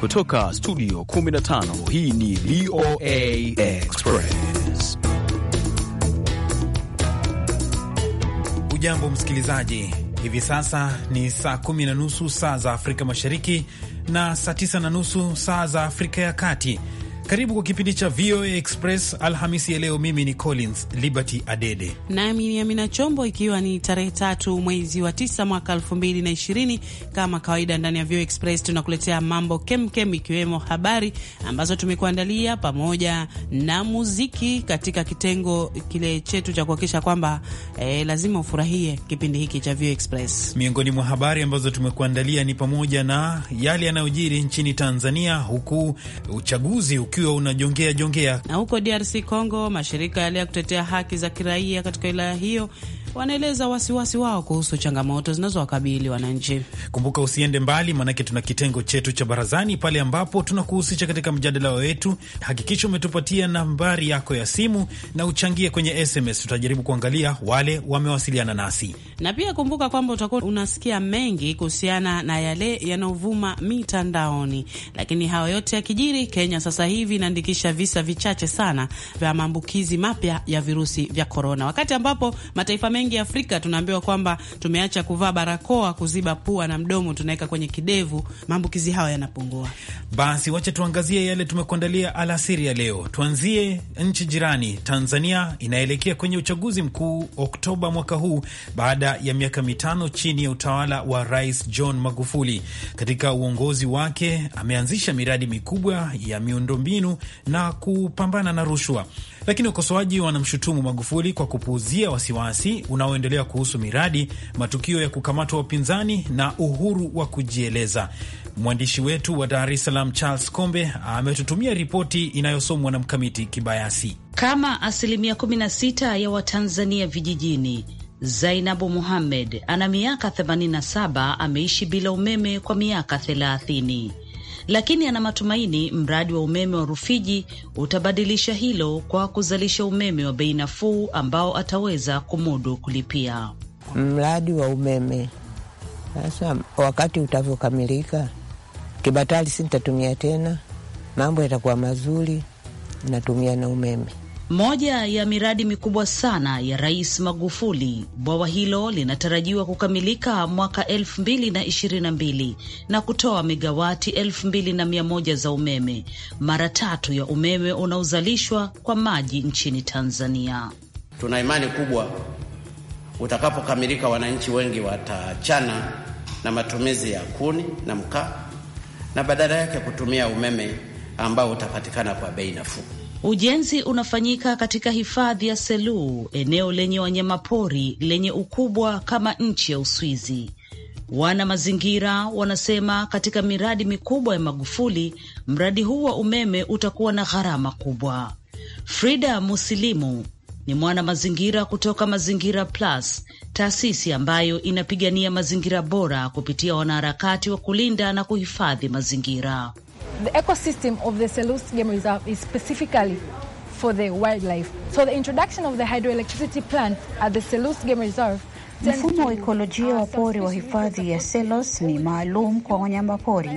Kutoka studio 15 hii ni VOA Express. Ujambo msikilizaji, hivi sasa ni saa kumi na nusu saa za Afrika Mashariki na saa tisa na nusu saa za Afrika ya Kati karibu kwa kipindi cha VOA Express Alhamisi ya leo. Mimi ni Collins Liberty Adede nami ni Amina Chombo, ikiwa ni tarehe tatu mwezi wa tisa mwaka elfu mbili na ishirini. Kama kawaida, ndani ya VOA Express tunakuletea mambo kemkem, ikiwemo habari ambazo tumekuandalia pamoja na muziki katika kitengo kile chetu cha kuhakikisha kwamba eh, lazima ufurahie kipindi hiki cha VOA Express. Miongoni mwa habari ambazo tumekuandalia ni pamoja na yale yanayojiri nchini Tanzania, huku uchaguzi uki ukiwa unajongea jongea. Na huko DRC Congo, mashirika yale ya kutetea haki za kiraia katika wilaya hiyo wanaeleza wasiwasi wao kuhusu changamoto zinazowakabili wananchi. Kumbuka, usiende mbali, maanake tuna kitengo chetu cha barazani pale ambapo tunakuhusisha katika mjadala wetu. Hakikisha umetupatia nambari yako ya simu na uchangie kwenye SMS. Tutajaribu kuangalia wale wamewasiliana nasi, na pia kumbuka kwamba utakuwa unasikia mengi kuhusiana na yale yanayovuma mitandaoni. Lakini hayo yote yakijiri, Kenya sasa hivi inaandikisha visa vichache sana vya maambukizi mapya ya virusi vya korona, wakati ambapo mataifa mengi Afrika tunaambiwa kwamba tumeacha kuvaa barakoa kuziba pua na mdomo, tunaweka kwenye kidevu, maambukizi hayo yanapungua. Basi wacha tuangazie yale tumekuandalia alasiri ya leo. Tuanzie nchi jirani Tanzania, inaelekea kwenye uchaguzi mkuu Oktoba mwaka huu baada ya miaka mitano chini ya utawala wa Rais John Magufuli. Katika uongozi wake ameanzisha miradi mikubwa ya miundombinu na kupambana na rushwa. Lakini ukosoaji wanamshutumu Magufuli kwa kupuuzia wasiwasi unaoendelea kuhusu miradi, matukio ya kukamatwa wapinzani na uhuru wa kujieleza. Mwandishi wetu wa Dar es Salaam Charles Kombe ametutumia ripoti inayosomwa na Mkamiti Kibayasi. Kama asilimia 16 ya Watanzania vijijini, Zainabu Muhammed ana miaka 87, ameishi bila umeme kwa miaka lakini ana matumaini mradi wa umeme wa Rufiji utabadilisha hilo kwa kuzalisha umeme wa bei nafuu ambao ataweza kumudu kulipia. Mradi wa umeme sasa, wakati utavyokamilika, kibatali si tena, mambo yatakuwa mazuri, natumia na umeme moja ya miradi mikubwa sana ya Rais Magufuli, bwawa hilo linatarajiwa kukamilika mwaka elfu mbili na ishirini na mbili na kutoa megawati elfu mbili na mia moja za umeme, mara tatu ya umeme unaozalishwa kwa maji nchini Tanzania. Tuna imani kubwa utakapokamilika, wananchi wengi watachana na matumizi ya kuni na mkaa na badala yake kutumia umeme ambao utapatikana kwa bei nafuu. Ujenzi unafanyika katika hifadhi ya Selous, eneo lenye wanyamapori lenye ukubwa kama nchi ya Uswizi. Wana mazingira wanasema katika miradi mikubwa ya Magufuli, mradi huu wa umeme utakuwa na gharama kubwa. Frida Musilimu ni mwana mazingira kutoka Mazingira Plus, taasisi ambayo inapigania mazingira bora kupitia wanaharakati wa kulinda na kuhifadhi mazingira the ecosystem of the Selous Game Reserve is specifically for the wildlife. So the introduction of the hydroelectricity plant at the Selous Game Reserve Mfumo wa ekolojia wa pori wa hifadhi ya Selous ni maalum kwa wanyama pori.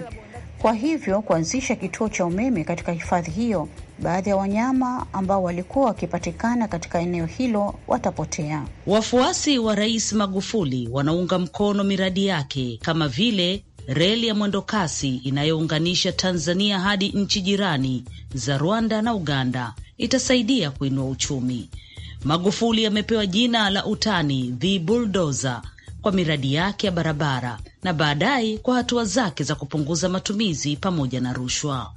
Kwa hivyo kuanzisha kituo cha umeme katika hifadhi hiyo, baadhi ya wanyama ambao walikuwa wakipatikana katika eneo hilo watapotea. Wafuasi wa Rais Magufuli wanaunga mkono miradi yake kama vile reli ya mwendokasi inayounganisha Tanzania hadi nchi jirani za Rwanda na Uganda itasaidia kuinua uchumi. Magufuli amepewa jina la utani the bulldozer kwa miradi yake ya barabara na baadaye kwa hatua zake za kupunguza matumizi pamoja na rushwa.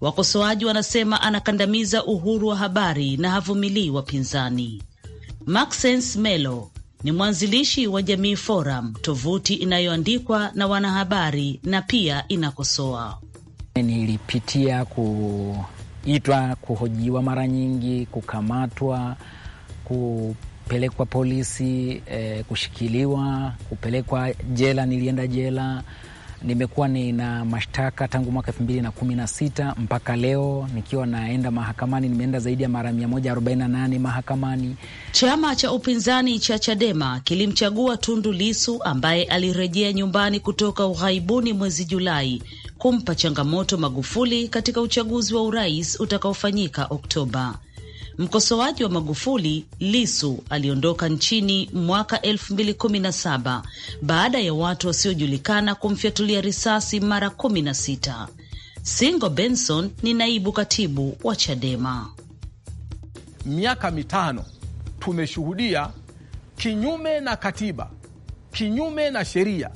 Wakosoaji wanasema anakandamiza uhuru wa habari na havumilii wapinzani. Maxence Melo ni mwanzilishi wa Jamii Forum, tovuti inayoandikwa na wanahabari na pia inakosoa. Nilipitia kuitwa, kuhojiwa mara nyingi, kukamatwa, kupelekwa polisi, eh, kushikiliwa, kupelekwa jela. Nilienda jela nimekuwa nina mashtaka tangu mwaka elfu mbili na kumi na sita mpaka leo nikiwa naenda mahakamani. Nimeenda zaidi ya mara mia moja arobaini na nane mahakamani. Chama cha upinzani cha Chadema kilimchagua Tundu Lisu ambaye alirejea nyumbani kutoka ughaibuni mwezi Julai kumpa changamoto Magufuli katika uchaguzi wa urais utakaofanyika Oktoba. Mkosoaji wa Magufuli Lisu aliondoka nchini mwaka 2017 baada ya watu wasiojulikana kumfyatulia risasi mara 16. Singo Benson ni naibu katibu wa Chadema. Miaka mitano tumeshuhudia kinyume na katiba, kinyume na sheria,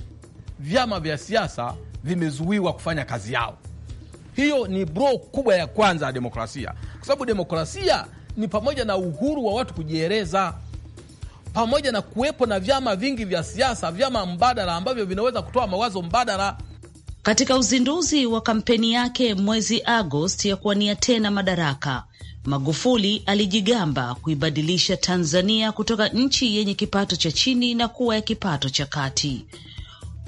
vyama vya siasa vimezuiwa kufanya kazi yao. Hiyo ni bro kubwa ya kwanza ya demokrasia, kwa sababu demokrasia ni pamoja na uhuru wa watu kujieleza, pamoja na kuwepo na vyama vingi vya siasa, vyama mbadala ambavyo vinaweza kutoa mawazo mbadala. Katika uzinduzi wa kampeni yake mwezi Agosti ya kuwania tena madaraka, Magufuli alijigamba kuibadilisha Tanzania kutoka nchi yenye kipato cha chini na kuwa ya kipato cha kati,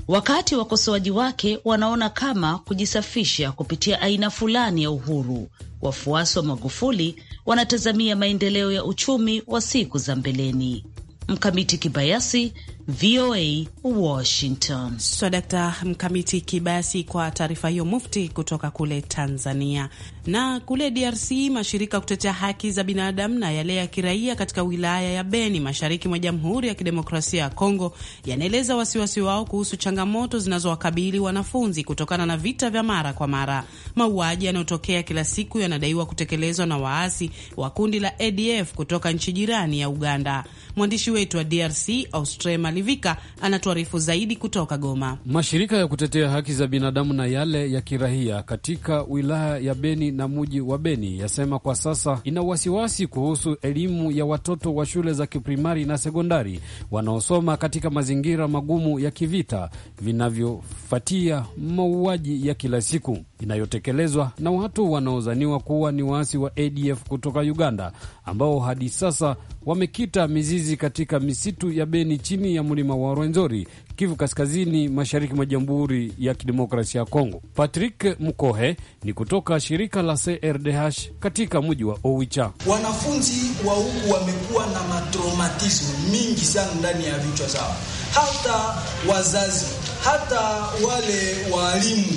wakati wakosoaji wake wanaona kama kujisafisha kupitia aina fulani ya uhuru. Wafuasi wa Magufuli wanatazamia maendeleo ya uchumi wa siku za mbeleni. Mkamiti Kibayasi, VOA Washington. So, Dakta Mkamiti Kibayasi kwa taarifa hiyo mufti kutoka kule Tanzania. Na kule DRC mashirika ya kutetea haki za binadamu na yale ya kiraia katika wilaya ya Beni mashariki mwa Jamhuri ya Kidemokrasia ya Kongo yanaeleza wasiwasi wao kuhusu changamoto zinazowakabili wanafunzi kutokana na vita vya mara kwa mara. Mauaji yanayotokea kila siku yanadaiwa kutekelezwa na waasi wa kundi la ADF kutoka nchi jirani ya Uganda. Mwandishi wetu wa DRC Austre Malivika anatuarifu zaidi kutoka Goma. Mashirika ya kutetea haki za binadamu na yale ya kirahia katika wilaya ya Beni na muji wa Beni yasema kwa sasa ina wasiwasi kuhusu elimu ya watoto wa shule za kiprimari na sekondari wanaosoma katika mazingira magumu ya kivita vinavyofuatia mauaji ya kila siku inayotekelezwa na watu wanaozaniwa kuwa ni waasi wa ADF kutoka Uganda ambao hadi sasa wamekita mizizi katika misitu ya Beni chini ya mlima wa Rwenzori, Kivu Kaskazini, mashariki mwa Jamhuri ya Kidemokrasia ya Kongo. Patrick Mkohe ni kutoka shirika la CRDH katika mji wa Owicha. Wanafunzi wa huku wamekuwa na matraumatismu mingi sana ndani ya vichwa zao, hata wazazi, hata wale waalimu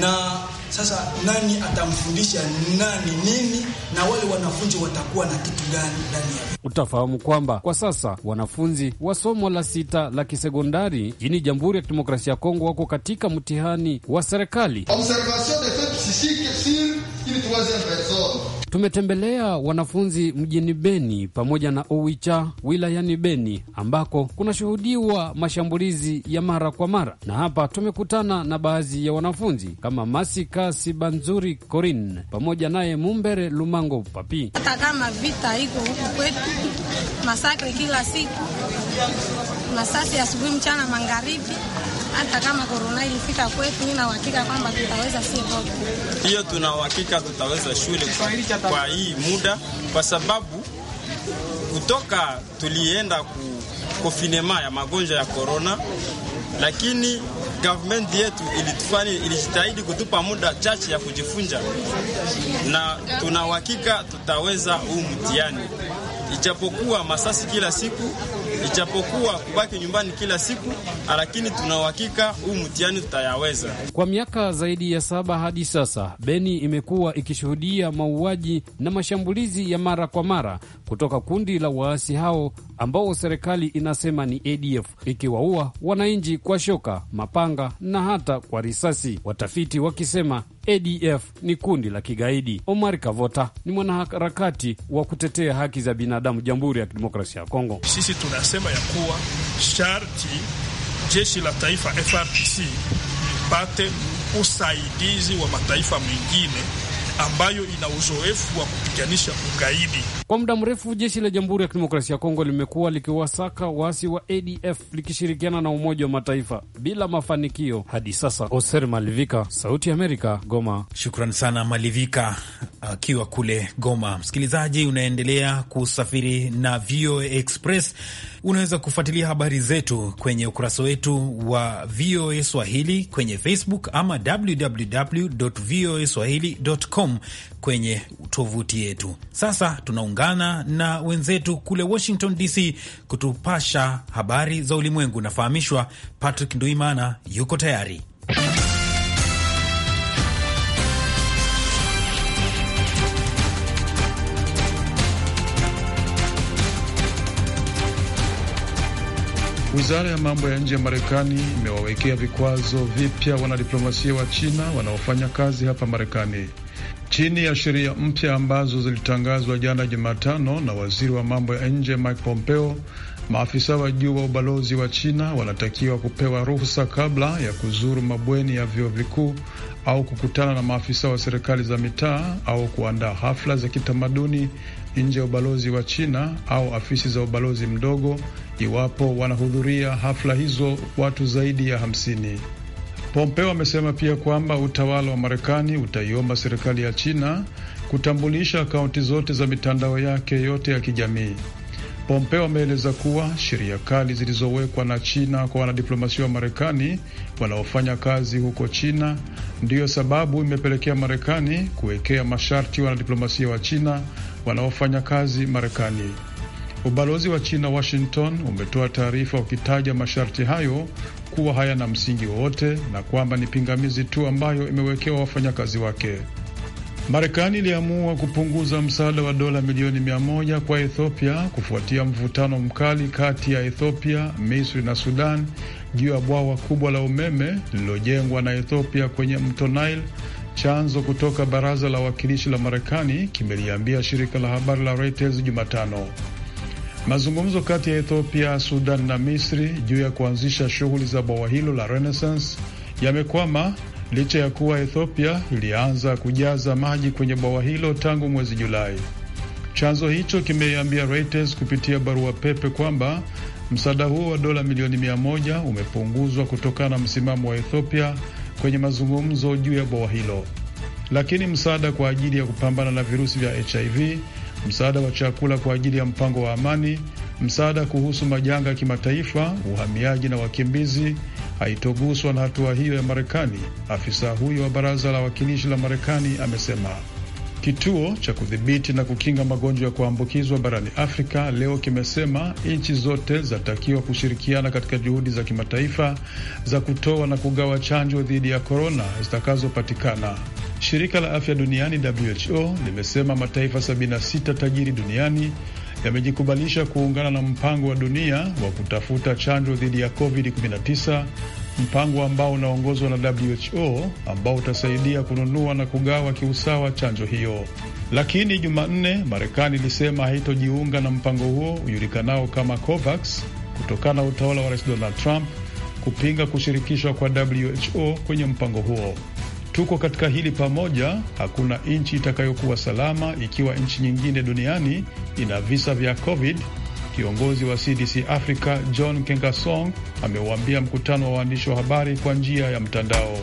na sasa nani atamfundisha nani nini, na wale wanafunzi watakuwa na kitu gani ndani ya utafahamu kwamba kwa sasa wanafunzi wa somo la sita la kisekondari jini Jamhuri ya Kidemokrasia ya Kongo wako katika mtihani wa serikali. Tumetembelea wanafunzi mjini Beni pamoja na Owicha wilayani Beni ambako kunashuhudiwa mashambulizi ya mara kwa mara, na hapa tumekutana na baadhi ya wanafunzi kama Masika Sibanzuri Korin pamoja naye Mumbere Lumango Papi. Hata kama vita iko huku kwetu, masakre kila siku masasi asubuhi, mchana, magharibi. Hata kama korona ilifika kwetu, nina uhakika kwamba tutaweza sivo hiyo, tuna uhakika tutaweza shule kwa hii muda, kwa sababu kutoka tulienda ku kofinema ya magonjwa ya korona, lakini government yetu ilitufanya ilijitahidi kutupa muda chache ya kujifunza, na tuna uhakika tutaweza huu mtihani, ijapokuwa masasi kila siku Ijapokuwa kubaki nyumbani kila siku, lakini tuna uhakika huu mtihani tutayaweza. Kwa miaka zaidi ya saba hadi sasa, Beni imekuwa ikishuhudia mauaji na mashambulizi ya mara kwa mara kutoka kundi la waasi hao ambao serikali inasema ni ADF, ikiwaua wananchi kwa shoka, mapanga na hata kwa risasi, watafiti wakisema ADF ni kundi la kigaidi. Omar Kavota ni mwanaharakati wa kutetea haki za binadamu Jamhuri ya Kidemokrasia ya Kongo. Sisi tunasema ya kuwa sharti jeshi la taifa FRDC lipate usaidizi wa mataifa mengine ambayo ina uzoefu wa kupiganisha ugaidi. Kwa muda mrefu, jeshi la Jamhuri ya Kidemokrasia ya Kongo limekuwa likiwasaka waasi wa ADF likishirikiana na Umoja wa Mataifa bila mafanikio hadi sasa. Oser Malivika, Sauti ya Amerika, Goma. Shukran sana Malivika akiwa kule Goma. Msikilizaji, unaendelea kusafiri na VOA Express. Unaweza kufuatilia habari zetu kwenye ukurasa wetu wa VOA Swahili kwenye Facebook ama www voa swahili.com com kwenye tovuti yetu. Sasa tunaungana na wenzetu kule Washington DC kutupasha habari za ulimwengu. Nafahamishwa Patrick Nduimana yuko tayari. Wizara ya mambo ya nje ya Marekani imewawekea vikwazo vipya wanadiplomasia wa China wanaofanya kazi hapa Marekani chini ya sheria mpya ambazo zilitangazwa jana Jumatano na waziri wa mambo ya nje Mike Pompeo, maafisa wa juu wa ubalozi wa China wanatakiwa kupewa ruhusa kabla ya kuzuru mabweni ya vyuo vikuu au kukutana na maafisa wa serikali za mitaa au kuandaa hafla za kitamaduni nje ya ubalozi wa China au afisi za ubalozi mdogo, iwapo wanahudhuria hafla hizo watu zaidi ya hamsini. Pompeo amesema pia kwamba utawala wa Marekani utaiomba serikali ya China kutambulisha akaunti zote za mitandao yake yote ya kijamii. Pompeo ameeleza kuwa sheria kali zilizowekwa na China kwa wanadiplomasia wa Marekani wanaofanya kazi huko China ndiyo sababu imepelekea Marekani kuwekea masharti wanadiplomasia wa China wanaofanya kazi Marekani. Ubalozi wa China Washington umetoa taarifa ukitaja masharti hayo kuwa hayana msingi wowote na kwamba ni pingamizi tu ambayo imewekewa wafanyakazi wake. Marekani iliamua kupunguza msaada wa dola milioni mia moja kwa Ethiopia kufuatia mvutano mkali kati ya Ethiopia, Misri na Sudan juu ya bwawa kubwa la umeme lililojengwa na Ethiopia kwenye mto Nile. Chanzo kutoka baraza la wawakilishi la Marekani kimeliambia shirika la habari la Reuters Jumatano. Mazungumzo kati ya Ethiopia, Sudan na Misri juu ya kuanzisha shughuli za bwawa hilo la Renaissance yamekwama licha ya kuwa Ethiopia ilianza kujaza maji kwenye bwawa hilo tangu mwezi Julai. Chanzo hicho kimeiambia Reuters kupitia barua pepe kwamba msaada huo wa dola milioni mia moja umepunguzwa kutokana na msimamo wa Ethiopia kwenye mazungumzo juu ya bwawa hilo, lakini msaada kwa ajili ya kupambana na virusi vya HIV msaada wa chakula kwa ajili ya mpango wa amani, msaada kuhusu majanga ya kimataifa, uhamiaji na wakimbizi haitoguswa na hatua hiyo ya Marekani. Afisa huyo wa baraza la wakilishi la Marekani amesema. Kituo cha kudhibiti na kukinga magonjwa ya kuambukizwa barani Afrika leo kimesema nchi zote zinatakiwa kushirikiana katika juhudi za kimataifa za kutoa na kugawa chanjo dhidi ya korona zitakazopatikana. Shirika la afya duniani WHO limesema mataifa 76 tajiri duniani yamejikubalisha kuungana na mpango wa dunia wa kutafuta chanjo dhidi ya COVID-19, mpango ambao unaongozwa na WHO ambao utasaidia kununua na kugawa kiusawa chanjo hiyo. Lakini Jumanne, Marekani ilisema haitojiunga na mpango huo ujulikanao kama COVAX kutokana na utawala wa Rais Donald Trump kupinga kushirikishwa kwa WHO kwenye mpango huo. Tuko katika hili pamoja. Hakuna nchi itakayokuwa salama ikiwa nchi nyingine duniani ina visa vya COVID. Kiongozi wa CDC Africa John Kengasong amewaambia mkutano wa waandishi wa habari kwa njia ya mtandao.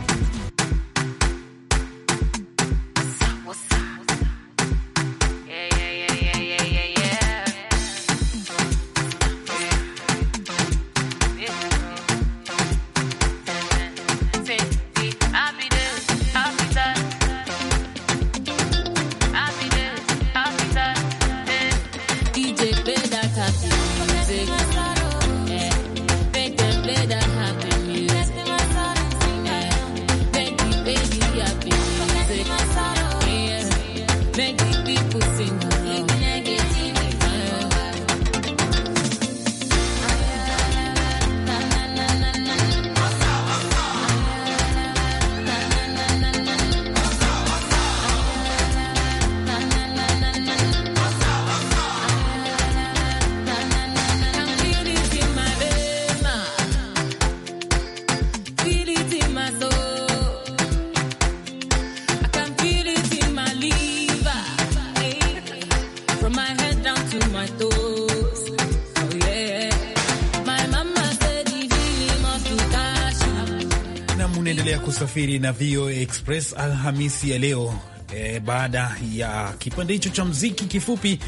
unasafiri na VOA Express Alhamisi ya leo. E, baada ya kipande hicho cha mziki kifupi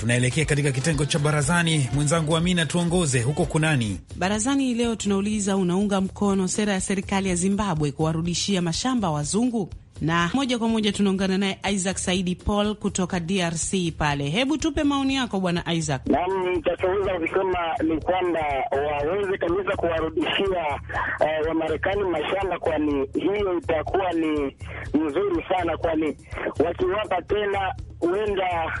tunaelekea katika kitengo cha barazani. Mwenzangu Amina, tuongoze huko kunani barazani. Leo tunauliza, unaunga mkono sera ya serikali ya Zimbabwe kuwarudishia mashamba wazungu? na moja kwa moja tunaungana naye Isaac Saidi Paul kutoka DRC pale. Hebu tupe maoni yako bwana Isaac. Naam, tachoweza kusema ni kwamba waweze kabisa kuwarudishia uh, Wamarekani mashamba, kwani hiyo itakuwa ni nzuri sana, kwani wakiwapa tena huenda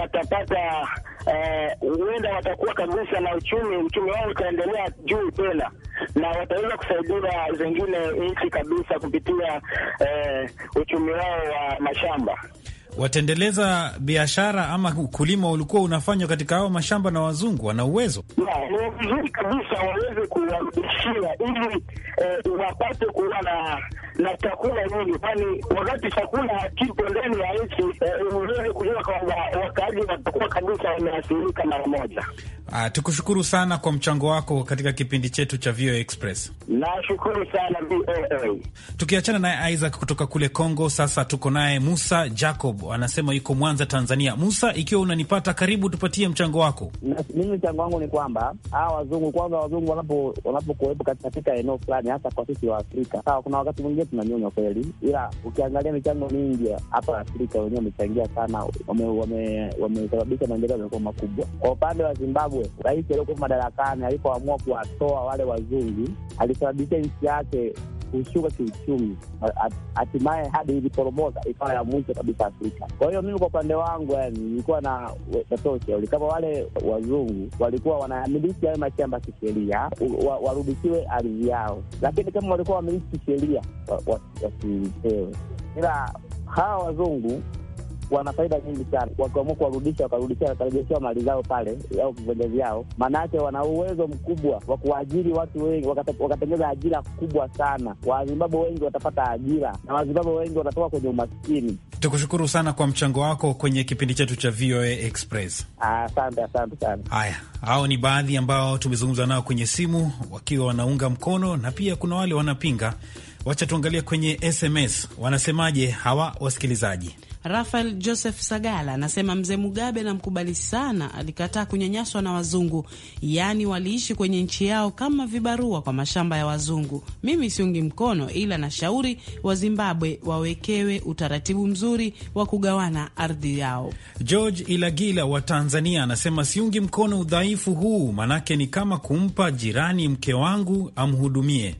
watapata eh, huenda uh, watakuwa kabisa na uchumi uchumi wao utaendelea juu tena na wataweza kusaidia zingine nchi kabisa kupitia eh, uchumi wao wa mashamba. Wataendeleza biashara ama ukulima ulikuwa unafanywa katika hao mashamba na wazungu. Wana uwezo ni vizuri kabisa waweze kuwarudishia, ili eh, wapate kuwa na na chakula nyingi, kwani wakati chakula kipo ndani ya nchi eh, uzuri kujua kwamba wakaaji watakuwa kabisa wameathirika mara moja. Uh, tukushukuru sana kwa mchango wako katika kipindi chetu cha VOA Express. Nashukuru sana VOA. Tukiachana naye Isaac kutoka kule Kongo, sasa tuko naye Musa Jacob, anasema yuko Mwanza, Tanzania. Musa, ikiwa unanipata, karibu, tupatie mchango wako. Mimi mchango wangu ni kwamba hawa wazungu kwanza, wazungu wanapokuwepo katika eneo fulani, hasa kwa sisi wa Afrika, sawa, kuna wakati mwingine tunanyonywa kweli, ila ukiangalia michango mingi hapa Afrika wenyewe wamechangia sana, wamesababisha maendeleo yamekuwa makubwa. Kwa upande wa Zimbabwe, rais aliokuwa madarakani alipoamua kuwatoa wale wazungu alisababisha nchi yake kushuka kiuchumi, hatimaye hadi iliporomoka ikawa ya mwisho kabisa Afrika. Kwa hiyo mimi kwa upande wangu, yani nilikuwa na natoa ushauri kama wale wazungu walikuwa wanamiliki hayo mashamba kisheria, warudishiwe ardhi yao, lakini kama walikuwa wamiliki kisheria wasipewe, ila hawa wazungu wana faida nyingi sana. Wakiamua kuwarudisha, wakarudisha wakarejeshewa mali zao pale au viwanja vyao, yake wana uwezo mkubwa wa kuajiri watu wengi, wakatengeza ajira kubwa sana. Wazimbabwe wengi watapata ajira na Wazimbabwe wengi watatoka kwenye umaskini. Tukushukuru sana kwa mchango wako kwenye kipindi chetu cha VOA Express. Asante, asante sana. Haya, hao ni baadhi ambao tumezungumza nao kwenye simu wakiwa wanaunga mkono na pia kuna wale wanapinga. Wacha tuangalia kwenye SMS wanasemaje hawa wasikilizaji. Rafael Joseph Sagala anasema mzee Mugabe namkubali sana, alikataa kunyanyaswa na wazungu, yaani waliishi kwenye nchi yao kama vibarua kwa mashamba ya wazungu. Mimi siungi mkono, ila nashauri wa Zimbabwe wawekewe utaratibu mzuri wa kugawana ardhi yao. George Ilagila wa Tanzania anasema siungi mkono udhaifu huu, manake ni kama kumpa jirani mke wangu amhudumie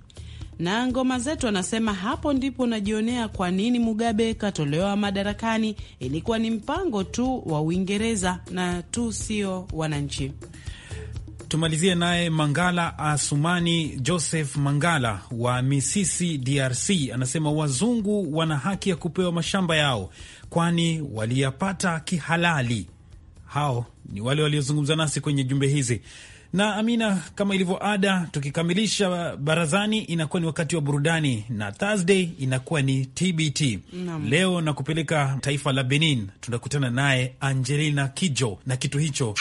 na ngoma zetu, anasema hapo ndipo unajionea kwa nini Mugabe katolewa madarakani. Ilikuwa ni mpango tu wa Uingereza na tu sio wananchi. Tumalizie naye Mangala Asumani Joseph Mangala wa Misisi, DRC, anasema wazungu wana haki ya kupewa mashamba yao, kwani waliyapata kihalali. Hao ni wale waliozungumza nasi kwenye jumbe hizi. Na Amina, kama ilivyo ada, tukikamilisha barazani inakuwa ni wakati wa burudani, na Thursday inakuwa ni TBT. Naam. Leo nakupeleka taifa la Benin, tunakutana naye Angelina Kijo na kitu hicho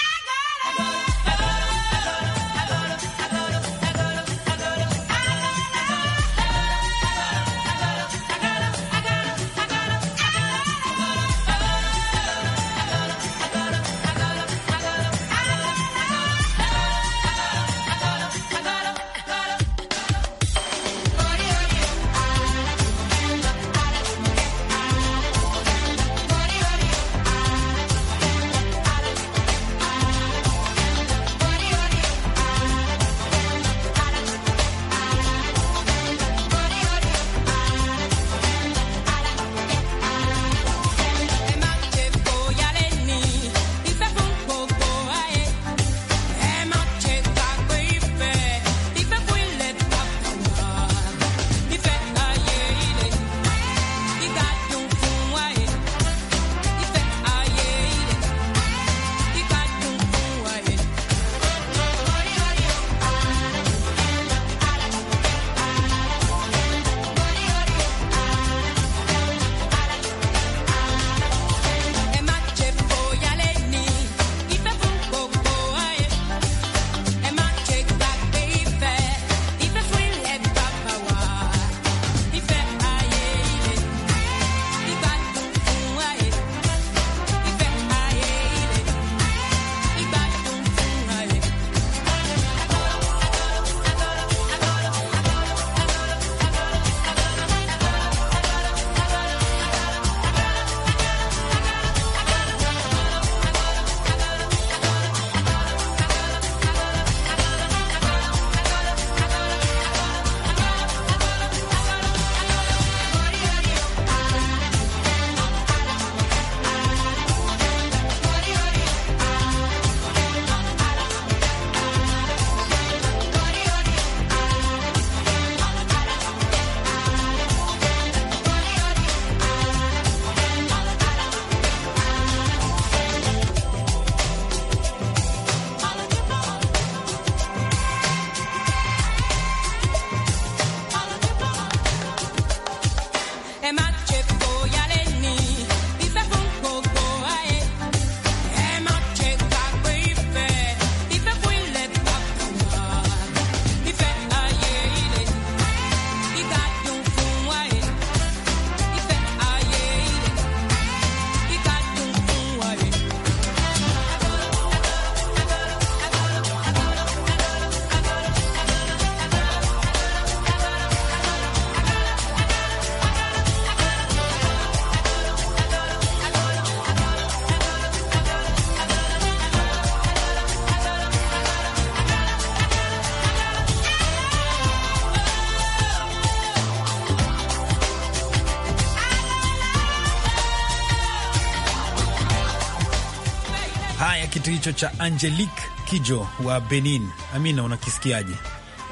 hicho cha Angelique Kijo wa Benin. Amina, unakisikiaje?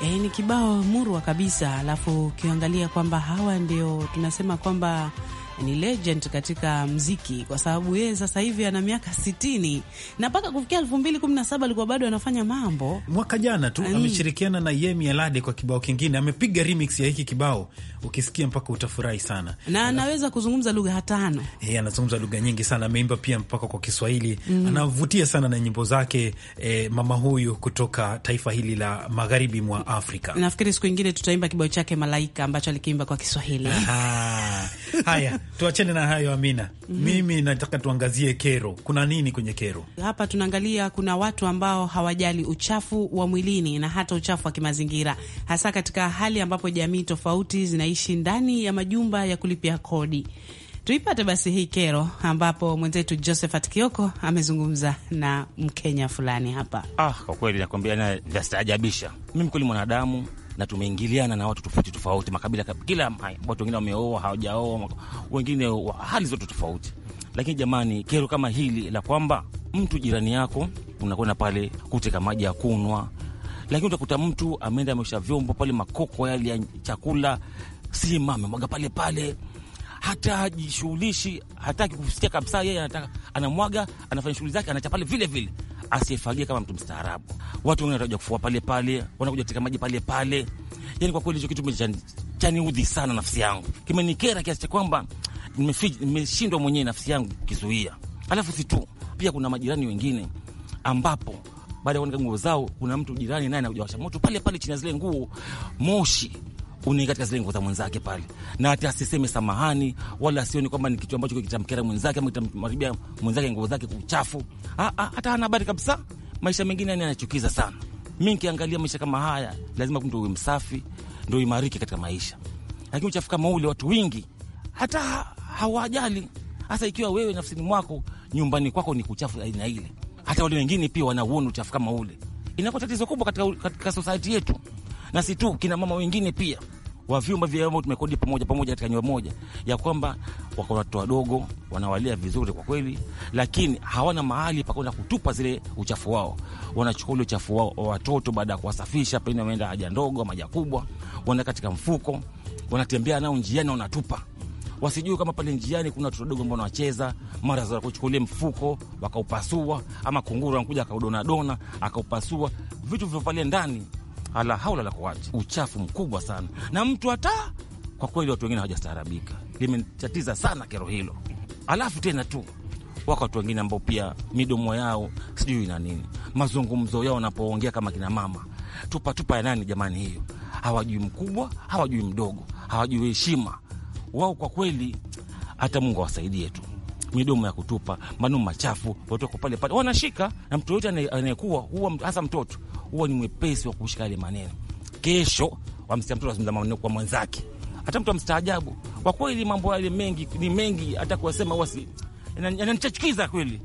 E, ni kibao murwa kabisa, alafu ukiangalia kwamba hawa ndio tunasema kwamba ni legend katika mziki, kwa sababu yeye sasa hivi ana miaka 60 na mpaka kufikia 2017 alikuwa bado anafanya mambo. Mwaka jana tu mm. ameshirikiana na Yemi Alade kwa kibao kingine, amepiga remix ya hiki kibao, ukisikia mpaka utafurahi sana, na anaweza kuzungumza lugha hatano. Yeye eh, anazungumza lugha nyingi sana, ameimba pia mpaka kwa Kiswahili mm. Anavutia sana na nyimbo zake eh, mama huyu kutoka taifa hili la magharibi mwa Afrika. Nafikiri siku ingine tutaimba kibao chake Malaika ambacho alikiimba kwa Kiswahili. Haya tuachane na hayo Amina. mm -hmm. Mimi nataka tuangazie kero. Kuna nini kwenye kero hapa? Tunaangalia kuna watu ambao hawajali uchafu wa mwilini na hata uchafu wa kimazingira, hasa katika hali ambapo jamii tofauti zinaishi ndani ya majumba ya kulipia kodi. Tuipate basi hii kero, ambapo mwenzetu Josephat Kioko amezungumza na Mkenya fulani hapa. Ah, kwa kweli nakwambia, nastaajabisha mimi kweli mwanadamu na tumeingiliana na watu tofauti tofauti, makabila kila, watu wengine wameoa, hawajaoa, wengine hali zote tofauti. Lakini jamani, kero kama hili la kwamba mtu jirani yako unakwenda pale kuteka maji ya kunwa, lakini utakuta mtu ameenda amesha vyombo pale, makoko yale ya chakula sima amemwaga pale pale hata hajishughulishi, hataki kusikia kabisa. Yeye anataka anamwaga, anafanya shughuli zake, anacha pale vile vile asiyefagia kama mtu mstaarabu. Watu wengine watakuja kufua pale pale, wanakuja kuteka maji pale pale. Yani kwa kweli hicho kitu chaniudhi sana nafsi yangu, kimenikera kiasi cha kwamba nimeshindwa mwenyewe nafsi yangu kizuia. Alafu si tu pia, kuna majirani wengine ambapo baada ya kuanika nguo zao, kuna mtu jirani naye washa moto pale pale chini ya zile nguo, moshi unaingia katika zile nguo za mwenzake pale, na hata asiseme samahani, wala asioni kwamba ni kitu ambacho kitamkera mwenzake ama kitamharibia mwenzake nguo zake kuchafu. Ah, ah, hata hana habari kabisa. Maisha mengine yani yanachukiza sana. Mi nikiangalia maisha kama haya, lazima mtu uwe msafi ndo imarike katika maisha, lakini uchafu kama ule, watu wengi hata hawajali. Hasa ikiwa wewe nafsini mwako, nyumbani kwako ni kuchafu aina ile, hata wale wengine pia wanauona uchafu kama ule, inakuwa tatizo kubwa katika, katika sosaiti yetu, na si tu kina mama wengine pia wa vyumba vya ambao tumekodi pamoja pamoja katika nyumba moja, ya kwamba wako watoto wadogo wanawalia vizuri kwa kweli, lakini hawana mahali pa kwenda kutupa zile uchafu wao. Wanachukua ule uchafu wao wa watoto, baada ya kuwasafisha, pengine wameenda haja ndogo ama haja kubwa, wanaenda katika mfuko, wanatembea nao njiani, wanatupa wasijui kama pale njiani kuna watoto wadogo ambao wanacheza, mara za kuchukulia mfuko wakaupasua, ama kunguru anakuja akaudonadona akaupasua, vitu vivyo pale ndani ala haula la kuwacha, uchafu mkubwa sana, na mtu hata kwa kweli watu wengine hawajastaarabika. Limenitatiza sana kero hilo, alafu tena tu wako watu wengine ambao pia midomo yao sijui ina nini, mazungumzo yao wanapoongea kama kina mama tupatupa ya nani jamani, hiyo hawajui mkubwa, hawajui mdogo, hawajui heshima wao. Kwa kweli hata Mungu awasaidie tu, midomo ya kutupa maneno machafu, watoko pale pale wanashika, na mtu yoyote anayekuwa huwa hasa mtoto huwa ni mwepesi wa kushika yale maneno. Kesho wamsikia mtu anazungumza maneno kwa mwenzake, hata mtu amstaajabu. Kwa kweli mambo yale mengi ni mengi, hata kuwasema huwa si yananichachukiza kweli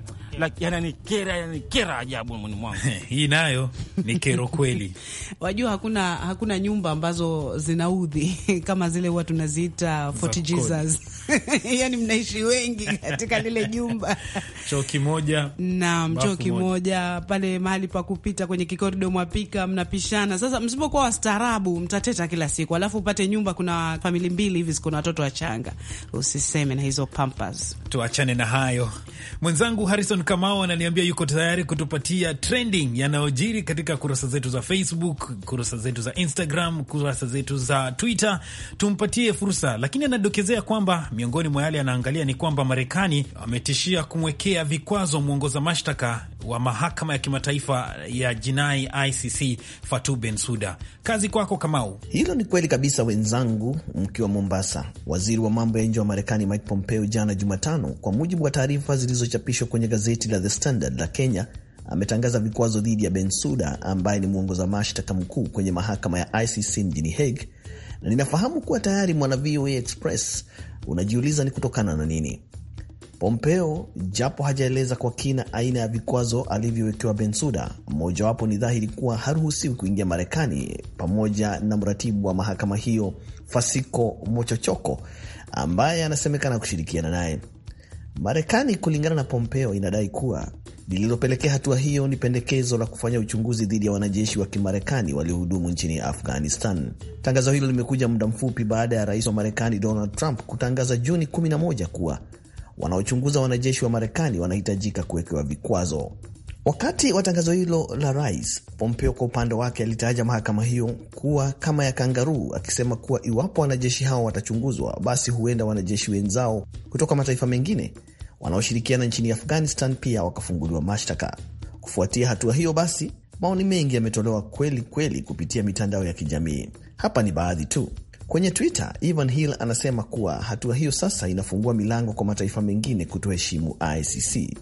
yananikera, yananikera ajabu mwani mwangu hii nayo ni kero kweli. Wajua hakuna hakuna nyumba ambazo zinaudhi kama zile huwa tunaziita Fort Jesus yani mnaishi wengi katika lile jumba choo kimoja, naam, choo kimoja pale, mahali pa kupita kwenye kikorido mwapika, mnapishana. Sasa msipokuwa wastaarabu, mtateta kila siku, alafu upate nyumba kuna famili mbili hivi, kuna watoto wachanga, usiseme na hizo pampers. Tuachane na hayo, mwenzangu Harrison Kamao ananiambia yuko tayari kutupatia trending yanayojiri katika kurasa zetu za Facebook, kurasa zetu za Instagram, kurasa zetu za Twitter. Tumpatie fursa, lakini anadokezea kwamba miongoni mwa yale anaangalia ni kwamba Marekani ametishia kumwekea vikwazo mwongoza mashtaka wa mahakama ya kimataifa ya jinai ICC fatu bensuda Kazi kwako Kamau. Hilo ni kweli kabisa, wenzangu mkiwa Mombasa. Waziri wa mambo ya nje wa Marekani Mike Pompeo jana Jumatano, kwa mujibu wa taarifa zilizochapishwa kwenye gazeti la The Standard la Kenya, ametangaza vikwazo dhidi ya bensuda ambaye ni mwongoza mashtaka mkuu kwenye mahakama ya ICC mjini Hague, na ninafahamu kuwa tayari mwana VOA Express unajiuliza ni kutokana na nini. Pompeo japo hajaeleza kwa kina aina ya vikwazo alivyowekewa Bensuda, mmojawapo ni dhahiri kuwa haruhusiwi kuingia Marekani, pamoja na mratibu wa mahakama hiyo Fasiko Mochochoko ambaye anasemekana kushirikiana naye. Marekani, kulingana na Pompeo, inadai kuwa lililopelekea hatua hiyo ni pendekezo la kufanya uchunguzi dhidi ya wanajeshi wa Kimarekani waliohudumu nchini Afghanistan. Tangazo hilo limekuja muda mfupi baada ya rais wa Marekani Donald Trump kutangaza Juni 11 kuwa wanaochunguza wanajeshi wa Marekani wanahitajika kuwekewa vikwazo. Wakati wa tangazo hilo la rais Pompeo, kwa upande wake alitaja mahakama hiyo kuwa kama ya kangaruu, akisema kuwa iwapo wanajeshi hao watachunguzwa, basi huenda wanajeshi wenzao kutoka mataifa mengine wanaoshirikiana nchini Afghanistan pia wakafunguliwa mashtaka. Kufuatia hatua hiyo, basi maoni mengi yametolewa kweli kweli kupitia mitandao ya kijamii. Hapa ni baadhi tu. Kwenye Twitter, Ivan Hill anasema kuwa hatua hiyo sasa inafungua milango kwa mataifa mengine kutoheshimu ICC.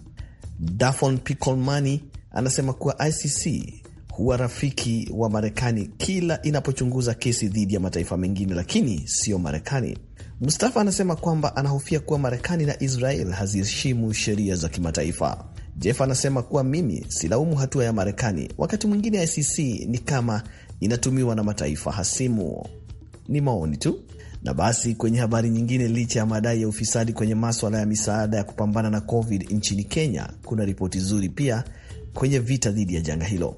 Dafon Picolmani anasema kuwa ICC huwa rafiki wa Marekani kila inapochunguza kesi dhidi ya mataifa mengine, lakini siyo Marekani. Mustafa anasema kwamba anahofia kuwa Marekani na Israel haziheshimu sheria za kimataifa. Jeff anasema kuwa mimi silaumu hatua ya Marekani, wakati mwingine ICC ni kama inatumiwa na mataifa hasimu ni maoni tu. Na basi kwenye habari nyingine, licha ya madai ya ufisadi kwenye maswala ya misaada ya kupambana na COVID nchini Kenya, kuna ripoti nzuri pia kwenye vita dhidi ya janga hilo.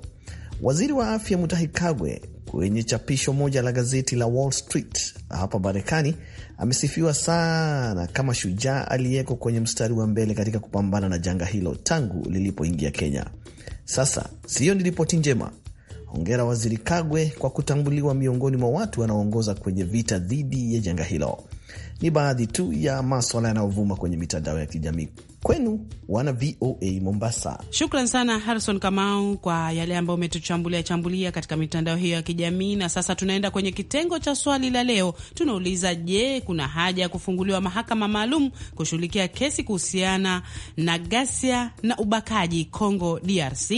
Waziri wa afya Mutahi Kagwe kwenye chapisho moja la gazeti la Wall Street hapa Marekani amesifiwa sana kama shujaa aliyeko kwenye mstari wa mbele katika kupambana na janga hilo tangu lilipoingia Kenya. Sasa siyo ni ripoti njema, Hongera Waziri Kagwe kwa kutambuliwa miongoni mwa watu wanaoongoza kwenye vita dhidi ya janga hilo. Ni baadhi tu ya maswala yanayovuma kwenye mitandao ya kijamii Kwenu wana VOA Mombasa. Shukran sana Harison Kamau kwa yale ambayo umetuchambulia chambulia katika mitandao hiyo ya kijamii. Na sasa tunaenda kwenye kitengo cha swali la leo. Tunauliza, je, kuna haja ya kufunguliwa mahakama maalum kushughulikia kesi kuhusiana na ghasia na ubakaji Congo DRC?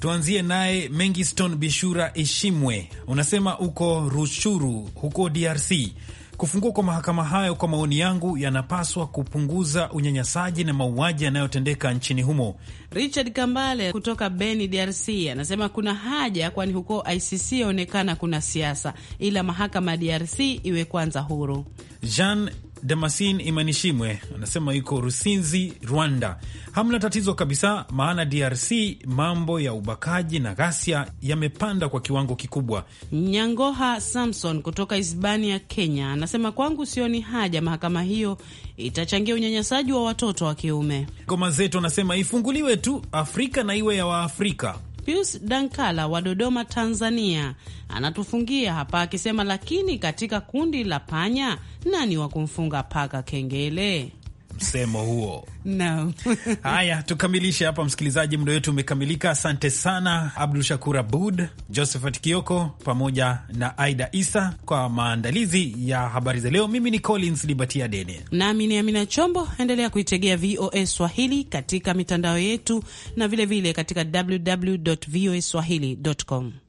Tuanzie naye Mengiston Bishura Ishimwe, unasema uko Rushuru huko DRC. Kufungua kwa mahakama hayo, kwa maoni yangu, yanapaswa kupunguza unyanyasaji na mauaji yanayotendeka nchini humo. Richard Kambale kutoka Beni, DRC, anasema kuna haja, kwani huko ICC yaonekana kuna siasa, ila mahakama ya DRC iwe kwanza huru. Jean Damasin Imanishimwe anasema yuko Rusinzi, Rwanda. Hamna tatizo kabisa, maana DRC mambo ya ubakaji na ghasia yamepanda kwa kiwango kikubwa. Nyangoha Samson kutoka Hispania, Kenya anasema kwangu sioni haja mahakama hiyo itachangia unyanyasaji wa watoto wa kiume. Ngoma zetu anasema ifunguliwe tu Afrika na iwe ya Waafrika. Pius Dankala wa Dodoma, Tanzania, anatufungia hapa akisema, lakini katika kundi la panya nani wa kumfunga paka kengele? msemo huo no. Haya, tukamilishe hapa, msikilizaji, muda wetu umekamilika. Asante sana Abdul Shakur Abud, Josephat Kioko pamoja na Aida Isa kwa maandalizi ya habari za leo. Mimi ni Collins Libatia Dene nami ni Amina Chombo. Endelea kuitegea VOA Swahili katika mitandao yetu na vilevile vile katika www voa swahili com.